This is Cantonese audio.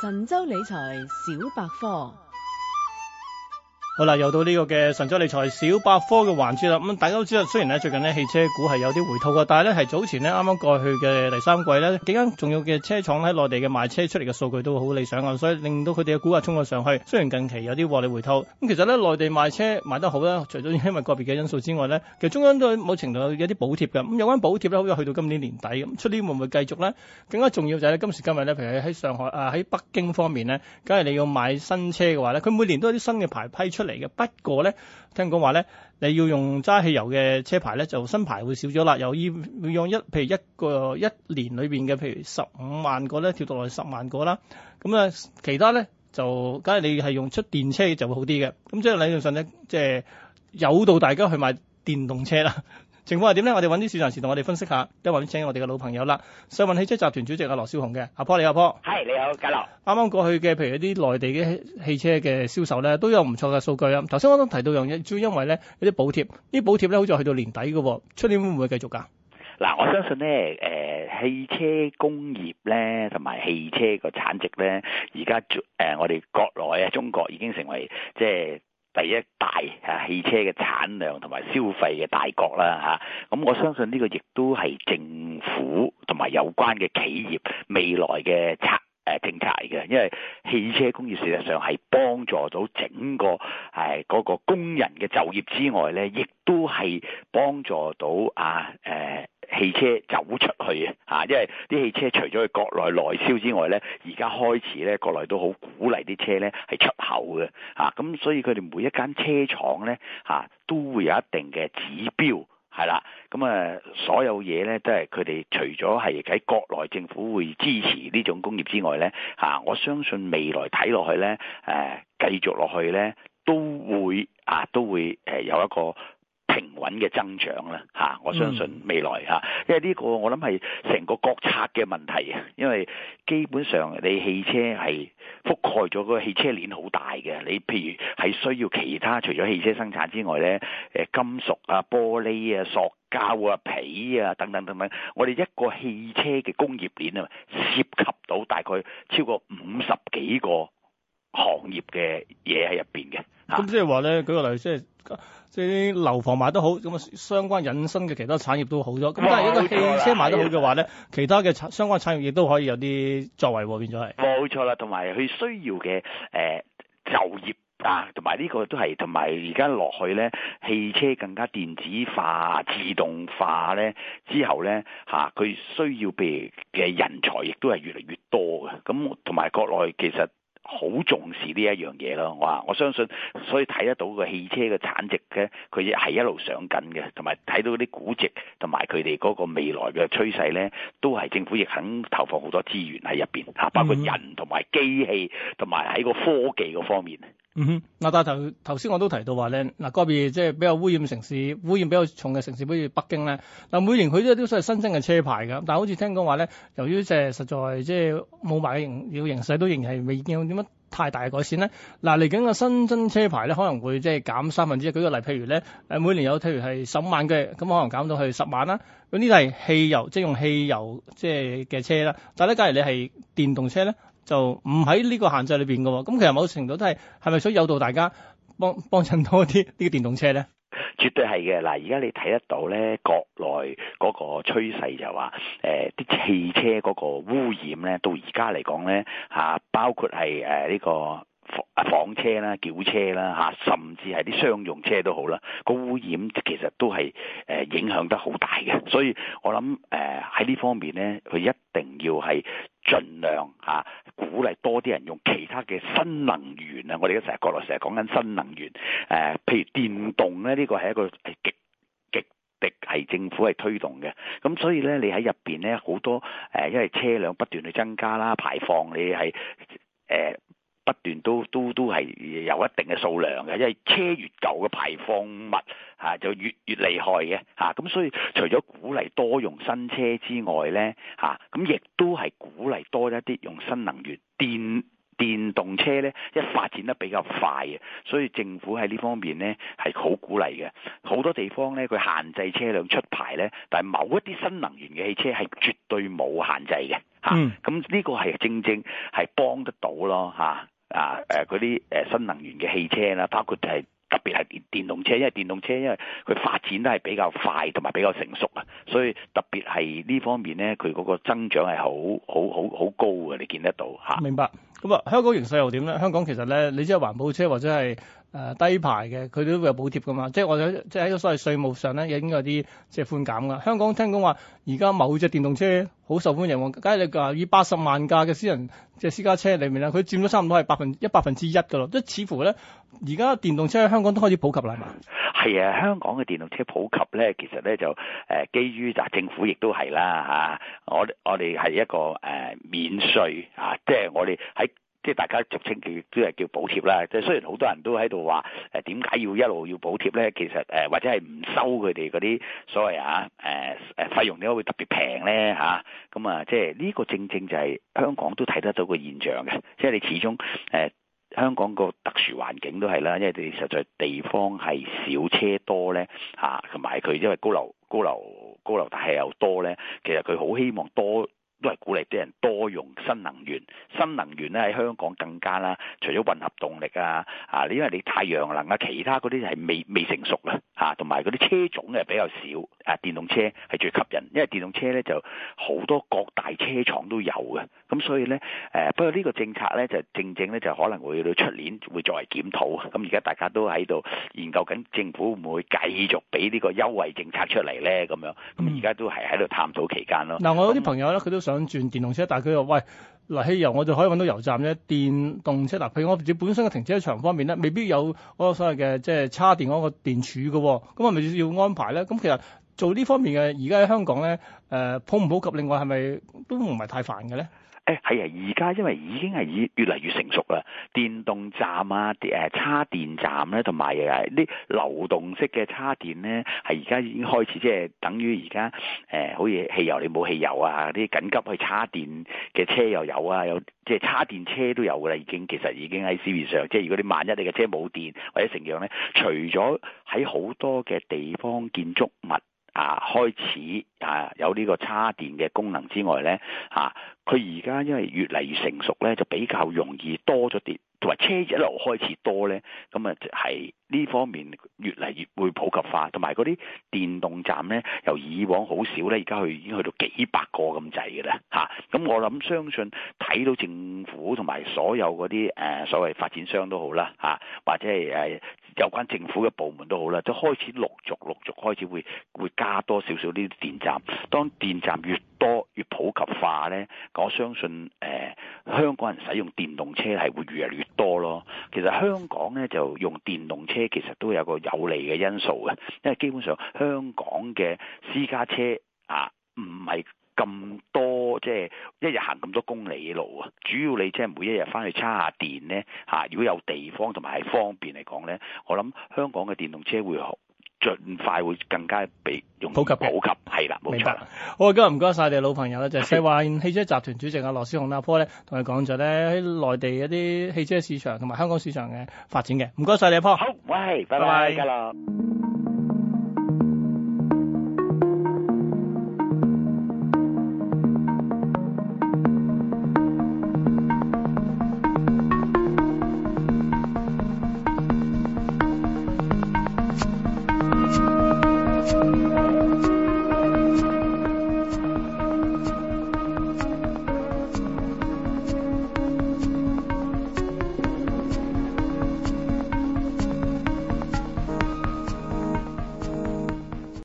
神州理財小百科。好啦，又到呢個嘅神州理財小百科嘅環節啦。咁、嗯、大家都知道，雖然咧最近咧汽車股係有啲回吐嘅，但係咧係早前咧啱啱過去嘅第三季咧，幾間重要嘅車廠喺內地嘅賣車出嚟嘅數據都好理想啊，所以令到佢哋嘅股價衝咗上去。雖然近期有啲獲利回吐，咁、嗯、其實咧內地賣車賣得好啦，除咗因為個別嘅因素之外咧，其實中央都某程度有啲補貼嘅。咁、嗯、有關補貼咧，好似去到今年年底咁，出年會唔會繼續咧？更加重要就係今時今日咧，譬如喺上海啊，喺北京方面咧，梗係你要買新車嘅話咧，佢每年都有啲新嘅牌批出嚟嘅，不過咧，聽講話咧，你要用揸汽油嘅車牌咧，就新牌會少咗啦，由於用一，譬如一個一年裏邊嘅，譬如十五萬個咧，跳到落去十萬個啦。咁、嗯、啊，其他咧就，梗係你係用出電車就會好啲嘅。咁即係理論上咧，即係誘導大家去買電動車啦。情況係點咧？我哋揾啲市場人士同我哋分析一下，都話要請我哋嘅老朋友啦。世運汽車集團主席阿羅少雄嘅阿波，你阿波，係你好，嘉樂。啱啱過去嘅，譬如一啲內地嘅汽車嘅銷售咧，都有唔錯嘅數據啦。頭先我都提到樣嘢，主要因為咧有啲補貼，呢啲補貼咧好似去到年底嘅，出年會唔會繼續噶？嗱，我相信咧，誒、呃，汽車工業咧，同埋汽車個產值咧，而家誒，我哋國內啊，中國已經成為即係。第一大誒、啊、汽車嘅產量同埋消費嘅大國啦嚇，咁、啊、我相信呢個亦都係政府同埋有關嘅企業未來嘅策，誒政策嚟嘅，因為汽車工業事實上係幫助到整個誒嗰、啊嗰個工人嘅就業之外呢，亦都係幫助到啊誒。呃汽車走出去啊，嚇！因為啲汽車除咗喺國內內銷之外咧，而家開始咧，國內都好鼓勵啲車咧係出口嘅嚇。咁、啊、所以佢哋每一間車廠咧嚇、啊、都會有一定嘅指標係啦。咁啊，所有嘢咧都係佢哋除咗係喺國內政府會支持呢種工業之外咧嚇、啊，我相信未來睇落去咧誒、啊，繼續落去咧都會啊都會誒有一個平穩嘅增長啦，嚇！我相信未來嚇，嗯、因為呢個我諗係成個國策嘅問題啊。因為基本上你汽車係覆蓋咗個汽車鏈好大嘅，你譬如係需要其他除咗汽車生產之外咧，誒金屬啊、玻璃啊、塑膠啊、皮啊等等等等，我哋一個汽車嘅工業鏈啊，涉及到大概超過五十幾個行業嘅嘢喺入邊嘅。咁、啊、即係話咧，舉個例子，即係即係啲樓房賣得好，咁啊相關引申嘅其他產業都好咗。咁、哦、但係如果一個汽車賣得好嘅話咧，哦、其他嘅產相關產業亦都可以有啲作為喎，變咗係。冇錯啦，同埋佢需要嘅誒、呃、就業啊，同埋呢個都係同埋而家落去咧，汽車更加電子化、自動化咧之後咧嚇，佢、啊、需要譬如嘅人才亦都係越嚟越多嘅。咁同埋國內其實，好重視呢一樣嘢咯，我我相信，所以睇得到個汽車嘅產值嘅，佢係一路上緊嘅，同埋睇到啲估值同埋佢哋嗰個未來嘅趨勢呢，都係政府亦肯投放好多資源喺入邊嚇，包括人同埋機器同埋喺個科技嗰方面。嗯哼，嗱但係頭頭先我都提到話咧，嗱，個別即係比較污染城市，污染比較重嘅城市，比如北京咧。嗱，每年佢都都係新增嘅車牌嘅，但係好似聽講話咧，由於即係實在即係霧霾嘅形形勢都仍然係未見點樣太大嘅改善咧。嗱，嚟緊嘅新增車牌咧，可能會即係減三分之一。舉個例，譬如咧，誒每年有，譬如係十五萬嘅，咁可能減到去十萬啦。咁呢啲係汽油，即係用汽油即係嘅車啦。但係咧，假如你係電動車咧？就唔喺呢個限制裏邊嘅喎，咁其實某程度都係係咪想誘導大家幫幫襯多啲呢個電動車咧？絕對係嘅嗱，而家你睇得到咧，國內嗰個趨勢就係話誒啲汽車嗰個污染咧，到而家嚟講咧嚇，包括係誒呢個房房車啦、轎車啦嚇、啊，甚至係啲商用車都好啦，個污染其實都係誒影響得好大嘅，所以我諗誒喺呢方面咧，佢一定要係。儘量嚇、啊、鼓勵多啲人用其他嘅新能源啊！我哋而家成日國內成日講緊新能源，誒、啊，譬如電動咧，呢、這個係一個係極極極係政府係推動嘅。咁所以咧，你喺入邊咧好多誒、啊，因為車輛不斷去增加啦，排放你係誒。啊不斷都都都係有一定嘅數量嘅，因為車越舊嘅排放物嚇就越越厲害嘅嚇，咁所以除咗鼓勵多用新車之外咧嚇，咁亦都係鼓勵多一啲用新能源電電動車咧，一發展得比較快嘅，所以政府喺呢方面咧係好鼓勵嘅，好多地方咧佢限制車輛出牌咧，但係某一啲新能源嘅汽車係絕對冇限制嘅嚇，咁呢個係正正係幫得到咯嚇。啊，誒嗰啲誒新能源嘅汽車啦，包括係特別係電電動車，因為電動車因為佢發展都係比較快同埋比較成熟啊，所以特別係呢方面咧，佢嗰個增長係好好好好高嘅，你見得到嚇。啊、明白。咁啊，香港形勢又點咧？香港其實咧，你知環保車或者係。誒、呃、低排嘅，佢都會有補貼噶嘛，即係我哋即係喺一個所謂稅務上咧，已經有啲即係寬減啦。香港聽講話，而家某隻電動車好受歡迎喎，假如你話以八十萬架嘅私人即係私家車裏面啦，佢佔咗差唔多係百分之一百分之一噶咯，即係似乎咧，而家電動車喺香港都開始普及啦。係啊，香港嘅電動車普及咧，其實咧就誒、呃、基於就政府亦都係啦嚇、啊，我我哋係一個誒、呃、免稅嚇，即、啊、係、就是、我哋喺。即係大家俗稱叫都係叫補貼啦，即係雖然好多人都喺度話誒點解要一路要補貼咧？其實誒或者係唔收佢哋嗰啲所謂嚇誒誒費用點解會特別平咧嚇？咁啊，即係呢個正正就係香港都睇得到個現象嘅，即係你始終誒香港個特殊環境都係啦，因為你實在地方係少車多咧嚇，同埋佢因為高樓高樓高樓大廈又多咧，其實佢好希望多。都係鼓勵啲人多用新能源，新能源咧，喺香港更加啦，除咗混合動力啊，啊，你因為你太陽能啊，其他嗰啲係未未成熟啦。啊，同埋嗰啲車種嘅比較少，啊，電動車係最吸引，因為電動車咧就好多各大車廠都有嘅，咁所以咧誒、呃，不過呢個政策咧就正正咧就可能會到出年會再檢討，咁而家大家都喺度研究緊政府會唔會繼續俾呢個優惠政策出嚟咧咁樣，咁而家都係喺度探討期間咯。嗱、嗯，我有啲朋友咧，佢都想轉電動車，但係佢又話喂。汽油我就可以揾到油站咧，電動車嗱，譬如我哋本身嘅停車場方面咧，未必有嗰個所謂嘅即係插電嗰個電柱嘅，哦，咁啊，咪要安排咧。咁其實做呢方面嘅，而家喺香港咧，誒普唔普及，普及普及另外係咪都唔係太煩嘅咧？誒係啊！而家因為已經係已越嚟越成熟啦，電動站啊、誒叉電站咧、啊，同埋啲流動式嘅叉電咧，係而家已經開始，即係等於而家誒，好似汽油你冇汽油啊，啲緊急去叉電嘅車又有啊，有即係叉電車都有啦，已經其實已經喺市面上，即係如果你萬一你嘅車冇電或者成樣咧，除咗喺好多嘅地方建築物。啊，開始啊有呢個叉電嘅功能之外咧，吓佢而家因為越嚟越成熟咧，就比較容易多咗啲，同埋車一路開始多咧，咁啊係呢方面越嚟越會普及化，同埋啲電動站咧，由以往好少咧，而家去已經去到幾百。我諗相信睇到政府同埋所有嗰啲誒所謂發展商都好啦，嚇、啊、或者係誒有關政府嘅部門都好啦，都開始陸續陸續開始會會加多少少呢啲電站。當電站越多越普及化呢，我相信誒、呃、香港人使用電動車係會越嚟越多咯。其實香港呢，就用電動車其實都有個有利嘅因素嘅，因為基本上香港嘅私家車啊唔係咁多，即係一日行咁多公里路啊！主要你即係每一日翻去叉下電咧吓，如果有地方同埋係方便嚟講咧，我諗香港嘅電動車會盡快會更加被用普,普,普及，普及，係啦，冇錯。好啊，今日唔該晒你老朋友咧，就係世運汽車集團主席阿羅少雄阿波咧，同你講咗咧喺內地一啲汽車市場同埋香港市場嘅發展嘅。唔該晒你阿波，好，喂，拜拜，拜拜拜拜